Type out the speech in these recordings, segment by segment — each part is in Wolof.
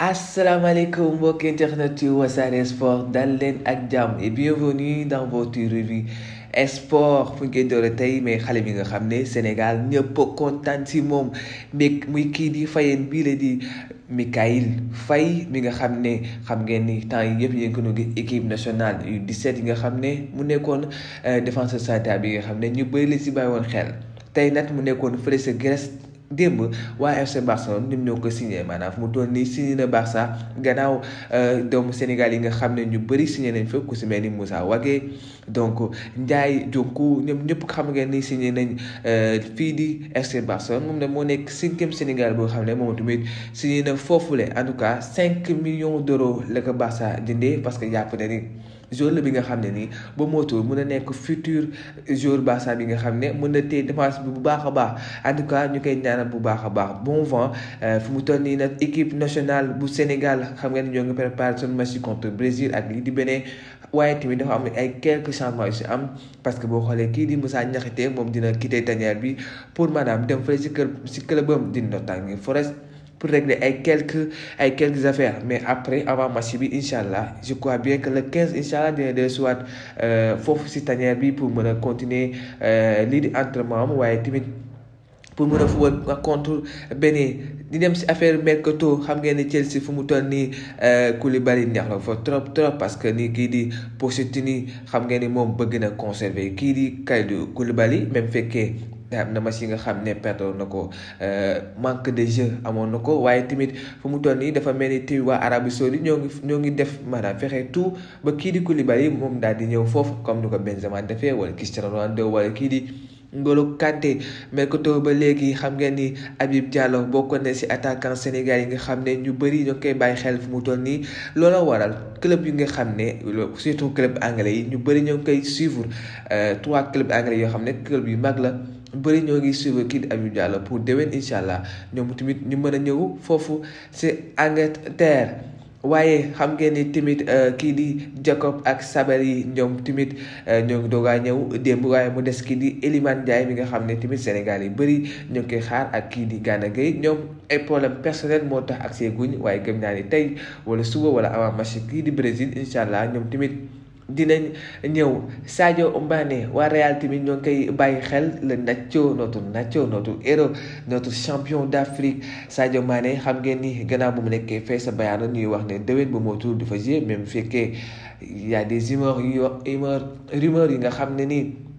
asalaamaaleykum mbokki internet yu wasaare sport dal ak jàmm et bienvenue dans votre revue sport fu ñu koy doore mais xale bi nga xam Sénégal ñëpp content si mom, mais muy kii di fayeen di Mikayil Fay, mi nga xam xam ngeen ni temps yi yëpp yéen ko équipe nationale yu 17 yi nga xam mu nekkoon euh, défenseur central bi nga xam ne ñu bëri la si bàyyi woon xel tay nat mu nekkoon fële Grèce démb waa FC Barcelone ñoo ko signé maanaam fu mu toll nii signé na Barça gannaaw euh, doomu Sénégal yi nga xam ne ñu bëri signé nañ fa ku si mel ni Moussa Wagué donc Ndiaye Diokou ñoom ñëpp xam ngeen ni signé nañ euh, fii di FC Barcelone moom ne moo nekk cinquième Sénégal boo xam ne moom tamit signé na foofule en tout cas cinq millions d'euros la ko Barça jëndee parce que jàpp na ni. joueur la bi nga xam ne nii ba motul mun a nekk futur joueur Barça bi nga xam ne mën na te défense bi bu baax a baax en tout cas ñu koy ñaanal bu baax a baax bon vent euh, fu mu toll nii nag équipe nationale bu Sénégal xam nga ne ñoo ngi préparé seen match contre Brésil ak lii di Bénin waaye tamit dafa am ay quelques changements yu si am parce que boo xoolee kii di Moussa Niakhaté moom dina quitter tanière bi pour maanaam dem fële si kër si clubam di Nottingham Forest pour régler avec quelques, avec quelques affaires. Mais après, avant Machibi, Inch'Allah, je crois bien que le 15, Inch'Allah, de, de soit euh, Fofu Sitanière, pour me continuer euh, l'entraînement, ouais, pour me a contre Bénin di dem si affaire mercato xam ngeen ni Chelsea fu mu toll nii euh, Koulibaly neex la fa trop trop parce que ni kii di Pochettino xam ngeen ni moom bëgg na conserver kii di Kalidou Koulibaly même fekkee am na match yi nga xam ne perdoon na ko euh, manque de jeu amoon na ko waaye tamit fu mu toll nii dafa mel ni tamit waa Arabie Saoudite ñoo ngi ñoo ngi def maanaam fexe tout ba kii di ku Koulibaly moom daal di ñëw foofu comme ni ko Benzema defee wala kii Ronaldo wala kii di Ngolo Kanté mercato ba léegi xam ngeen ni Habib Diallo bokkoon na si attaquant Sénégal yi nga xam ne ñu bëri ñoo koy bàyyi xel fu mu toll nii loola waral club yi nga xam ne surtout club anglais yi ñu bëri ñoo ngi koy suivre euh, trois club anglais yoo xam ne club yu mag la. bëri ñoo ngi suivre kii di Habib Diallo pour déwén incha allah ñoom tamit ñu mën a ñëw foofu si Angleterre waaye xam ngeen ni tamit euh, kii di Jacob ak Sabaly yi ñoom tamit euh, ñoo ngi doog ñëw démb waaye mu des kii di Elimane Ndiaye mi nga xam ne tamit Sénégal yi bëri ñoo koy xaar ak kii di Gana Gueye ñoom ay problème personnel moo tax ak see guñ waaye gëm naa ni tey wala suba wala avant match kii di Brésil incha allah ñoom tamit. dinañ ñëw Sadio Mané waa Real tamit ñoo ngi bàyyi xel la Nacho notre Nacho notre héros notre champion d'Afrique Sadio Mané xam ngeen ni gannaaw bu mu nekkee fee sa Bayern ñuy wax ne déwén ba moo tuur du fa jouer même fekkee y a des rumeurs yu rumeurs yi nga xam ne nii.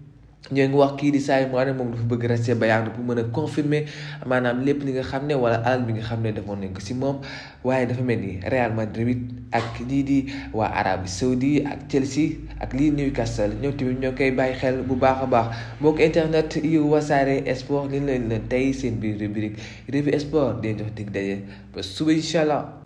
ñoo ngi wax kii di Sadio Mané moom dafa bëgg rester Bayern pour mën a confirmer maanaam lépp li nga xam ne wala alal bi nga xam ne defoon nañ ko si moom waaye dafa mel ni Real Madrid ak lii di waa Arabie Saoudi ak Chelsea ak lii Newcastle ñoom tamit ñoo koy bàyyi xel bu baax a baax mbokk internet yi Wassare Sport li leen leen tey seen biir rubrique revue sport di jox dig daje suba incha